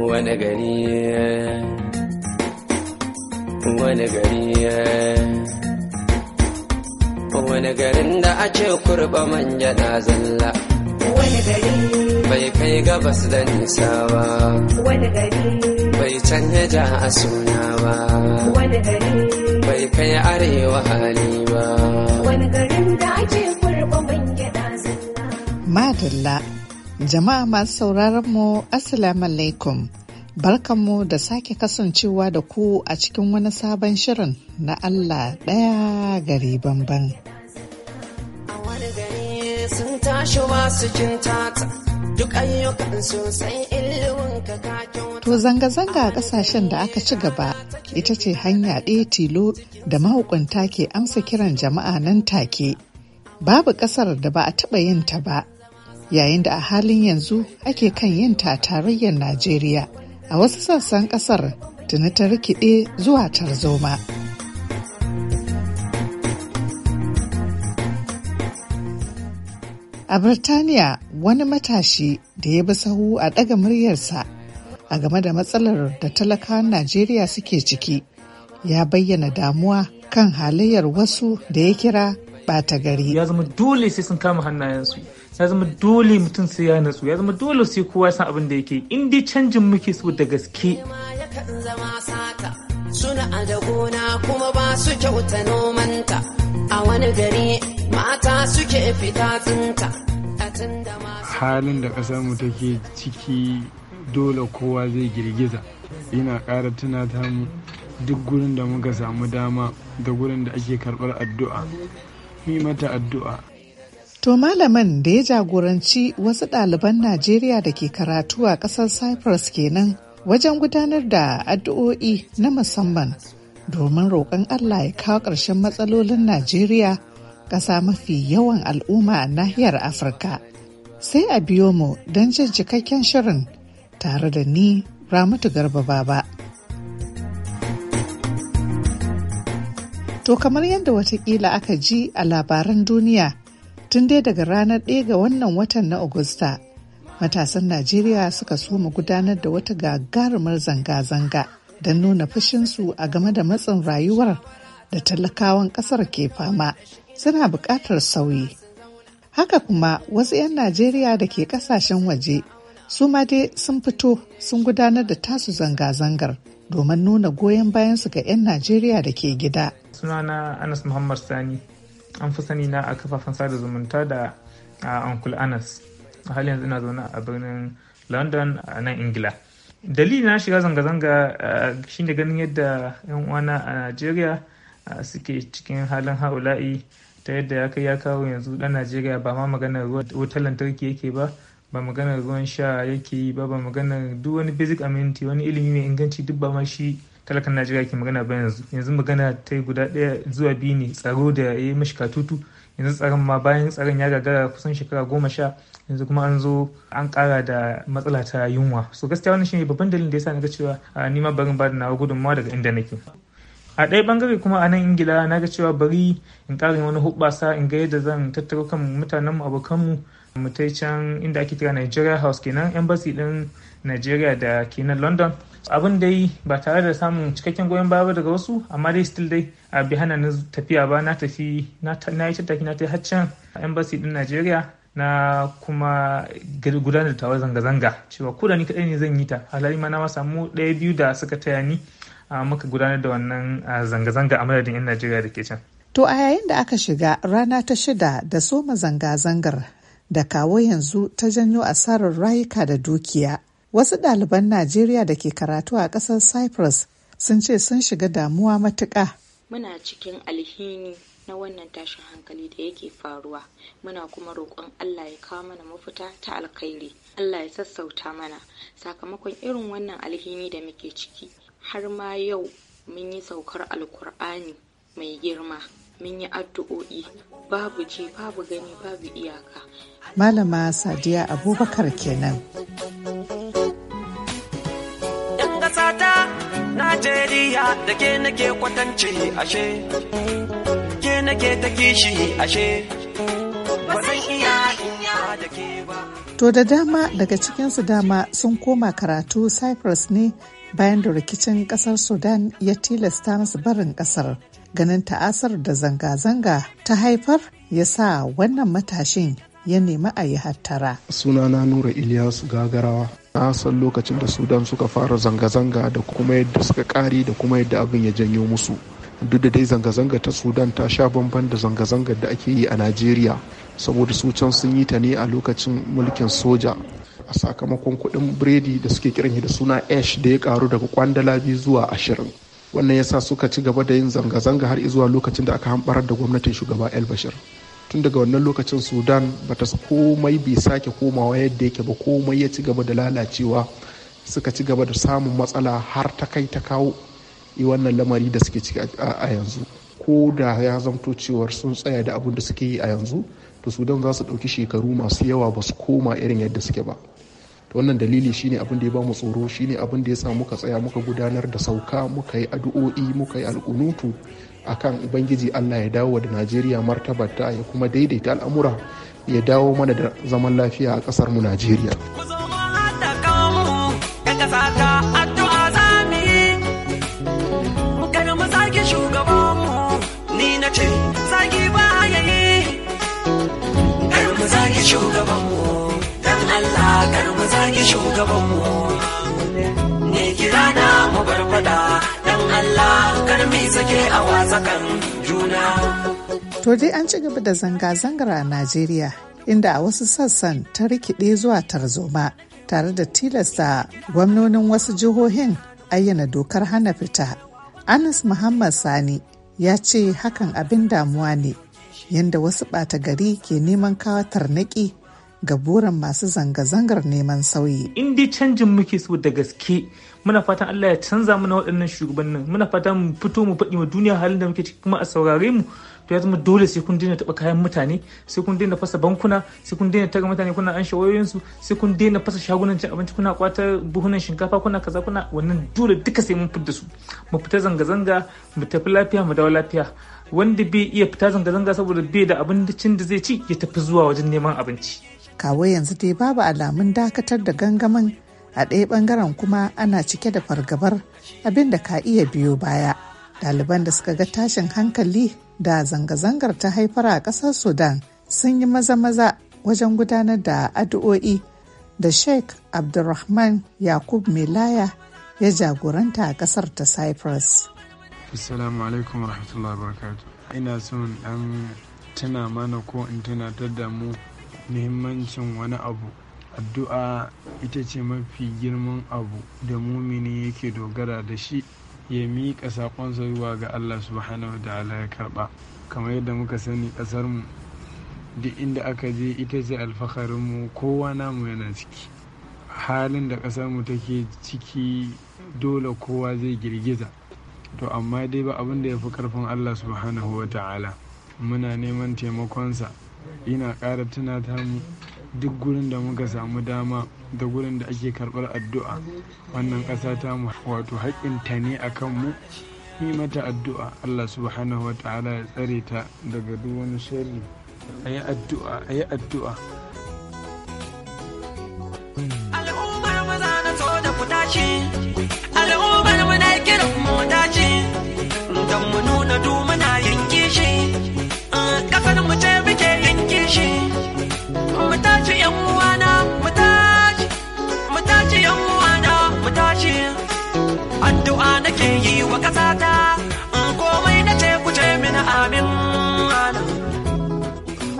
wani gari wani gari wani garin da a ce kurba manja na zalla wani gari bai kai gabas da nisa ba wani gari bai canja ja a suna ba wani gari bai kai arewa hali ba wani garin da a ce kurba manja na zalla Jama'a masu sauraron mu Assalamu alaikum. Barkanmu da sake kasancewa da ku a cikin wani sabon shirin na Allah ɗaya gari banban. To zanga-zanga a kasashen da aka ci gaba ita ce hanya ɗaya tilo da mahukunta ke amsa kiran jama'a nan take. Babu ƙasar da ba a taɓa yin ta ba yayin da a halin yanzu ake kan yin ta tarayyar Najeriya a wasu sassan kasar tuni ta rikide zuwa tarzoma. A Birtaniya wani matashi da ya bi sahu a ɗaga muryarsa a game da matsalar da talakawan Najeriya suke ciki ya bayyana damuwa kan halayyar wasu da ya kira ɓata gari. Ya zama dole sai sun kama hannayensu. ya zama dole mutum sai ya natsu ya zama dole sai kowa san abin da yake in dai canjin muke so da gaske suna da gona kuma ba su kyauta nomanta a wani gari mata suke fita tsinta halin da ƙasar mu take ciki dole kowa zai girgiza ina ƙara tunata mu duk gurin da muka samu dama da gurin da ake karɓar addu'a mata addu'a To malamin da ya jagoranci wasu ɗaliban Najeriya da ke karatu a ƙasar Cyprus kenan wajen gudanar da addu'o'i na musamman domin roƙon Allah ya kawo ƙarshen matsalolin Najeriya ƙasa mafi yawan al'umma a nahiyar Afirka. Sai a biyo mu don jin cikakken shirin tare da ni Ramatu Garba Baba. To kamar yadda watakila aka ji a labaran duniya. Tun dai daga ranar ɗaya ga wannan watan na Agusta, matasan Najeriya suka soma gudanar da wata gagarumar zanga-zanga don nuna fushinsu a game da matsin rayuwar da talakawan ƙasar ke fama suna buƙatar sauyi. Haka kuma wasu 'yan Najeriya da ke ƙasashen waje su ma dai sun fito sun gudanar da tasu zanga-zangar domin nuna goyon bayansu ga 'yan Najeriya da ke gida. Sunana Anas Muhammad Sani. an fi sani na a kafafen sada zumunta da a uncle anas a hali yanzu ina zaune a birnin london a nan ingila dalili na shiga zanga-zanga shine ganin yadda yan uwana a najeriya suke cikin halin haula'i ta yadda ya kai ya kawo yanzu dan najeriya ba ma maganar wutar lantarki yake ba ba maganar ruwan sha yake yi ba ba maganar duk wani basic amenity wani ilimi mai inganci duk ba ma shi talakan najeriya ke magana ba yanzu yanzu magana ta guda ɗaya zuwa biyu ne tsaro da ya yi mashi katutu yanzu tsaron ma bayan tsaron ya gagara kusan shekara goma sha yanzu kuma an zo an ƙara da matsala ta yunwa so gaskiya wannan shine babban dalilin da yasa na ga cewa ni ma barin bada nawa gudunmawa daga inda nake a ɗaya bangare kuma a nan ingila na ga cewa bari in ƙarin wani hubbasa in ga yadda zan tattaro kan mutanenmu abokanmu mu can inda ake kira Nigeria House kenan embassy din Nigeria da kenan London abin dai ba tare da samun cikakken goyon baya daga wasu amma dai still dai a bi hana na tafiya ba na tafi na yi tattaki na tafi haccan embassy din Nigeria na kuma gudanar da tawar zanga-zanga cewa ko da ni kaɗai ne zan yi ta halari ma na samu ɗaya biyu da suka taya ni muka gudanar da wannan zanga-zanga a madadin 'yan Najeriya da ke can. To a yayin da aka shiga rana ta shida da soma zanga-zangar da kawo yanzu ta janyo asarar rayuka da dukiya. Wasu ɗaliban Najeriya da ke karatu a ƙasar Cyprus sun ce sun shiga damuwa matuƙa. Muna cikin alhini na wannan tashin hankali da yake faruwa muna kuma roƙon Allah ya kawo mana mafita ta alkhairi Allah ya sassauta mana sakamakon irin wannan alhini da muke ciki har ma yau mun yi saukar alkur'ani mai girma mun yi addu'o'i babu ji babu gani babu iyaka malama sadiya abubakar kenan Najeriya da ke nake kwatance ashe, ke nake ta kishi ashe, ba iya inya da ke ba. To da dama daga cikinsu dama sun koma karatu Cyprus ne bayan da rikicin kasar Sudan ya tilasta masu barin kasar. ganin ta'asar da zanga-zanga ta haifar ya sa wannan matashin ya nemi a yi hattara. Sunana Nura Ilyas Gagarawa. Na san lokacin da Sudan suka fara zanga-zanga da kuma yadda suka kare da kuma yadda abin ya janyo musu. Duk da dai zanga-zanga ta Sudan ta sha bamban da zanga-zangar da ake yi a Najeriya. Saboda su can sun yi ta ne a lokacin mulkin soja. A sakamakon kuɗin biredi da suke kiran da suna ash da ya karu daga kwandala biyu zuwa ashirin. wannan yasa suka ci gaba da yin zanga-zanga har zuwa lokacin da aka hambarar da gwamnatin shugaba el bashir tun daga wannan lokacin sudan bata komai bai sake komawa yadda yake ba komai ya ci gaba da lalacewa suka ci gaba da samun matsala har ta kai ta kawo wannan lamari da suke ciki a yanzu ko da ya zamto cewar sun tsaya da abin da suke yi a yanzu to sudan za su ɗauki shekaru masu yawa ba su koma irin yadda suke ba wannan dalili shine abin da ya bamu tsoro shine abin da ya sa muka tsaya muka gudanar da sauka muka yi addu'o'i muka yi alkunutu akan ubangiji allah ya dawo da najeriya ta ya kuma daidaita al'amura ya dawo mana da zaman lafiya a kasar mu najeriya ball. kar mu zagi shugabanmu ne kira na mu bar dan Allah kar mu sake a wazakan juna to dai an ci gaba da zanga-zangar a Najeriya inda a wasu sassan ta rikide zuwa tarzoma tare da tilasta gwamnonin wasu jihohin ayyana dokar hana fita. Anas Muhammad Sani ya ce hakan abin damuwa ne yadda wasu ɓata gari ke neman kawo tarnaƙi ga buran masu zanga-zangar neman sauyi. In dai canjin muke so da gaske muna fatan Allah ya canza mana waɗannan shugabannin muna fatan mu fito mu faɗi wa duniya halin da muke ciki kuma a saurare mu to ya zama dole sai kun daina taɓa kayan mutane sai kun daina fasa bankuna sai kun daina taga mutane kuna an shawayoyinsu sai kun daina fasa shagunan cin abinci kuna kwata buhunan shinkafa kuna kaza kuna wannan dole duka sai mun fita su mu fita zanga-zanga mu tafi lafiya mu dawo lafiya wanda bai iya fita zanga-zanga saboda bai da abincin da zai ci ya tafi zuwa wajen neman abinci. kawo yanzu dai babu alamun dakatar da gangamin a ɗaya ɓangaren kuma ana cike da fargabar abin da ka iya biyo baya ɗaliban da suka ga tashin hankali da zanga-zangar ta haifar a ƙasar sudan sun yi maza-maza wajen gudanar da addu'o'i da sheikh abdulrahman yakub melaya ya jagoranta a ƙasar ta cyprus ina son tuna mana ko in tunatar da mu muhimmancin wani abu addu'a ita ce mafi girman abu da mumini yake dogara da shi ya miƙa saƙonsa zuwa ga allah subhanahu wa ta'ala ya karɓa kamar yadda muka sani ƙasarmu duk inda aka je ita ce alfaharinmu kowa namu yana ciki halin da ƙasarmu take ciki dole kowa zai girgiza to amma dai ba abin da ya fi ƙarfin allah subhanahu wa ta'ala muna neman taimakonsa yana ƙara tunatar mu duk gurin da muka samu dama da gurin da ake karɓar addu'a wannan ƙasa ta mu wato haƙƙinta ne a mu yi mata addu'a allah subhanahu wa ta'ala ya tsare ta daga duk wani ayi a yi addu'a a yi addu'a ƙasata in komai na ce ku mini amin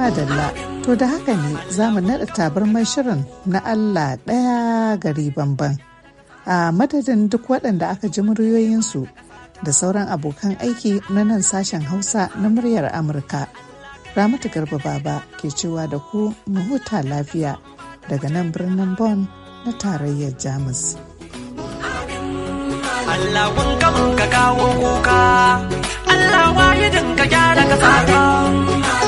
madalla to da haka ne za mu naɗa tabarmar shirin na Allah ɗaya gari bamban a madadin duk waɗanda aka ji muryoyinsu da sauran abokan aiki na nan sashen hausa na muryar amurka ramatu garba baba ke cewa da ku mu huta lafiya daga nan birnin Bon na tarayyar jamus. Allah wanka mun ka kawo kuka Allah waye ka gyara kasa ta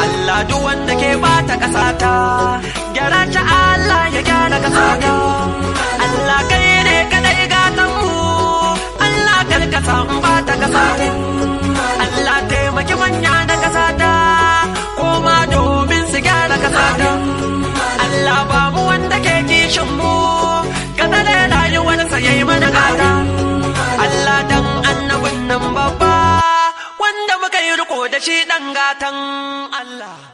Allah duk wanda ke bata kasa ta gyara ta Allah ya gyara kasa ta Allah kai ne kadai gatan mu Allah kar ka samu bata kasa ta da shi ɗan gatan Allah.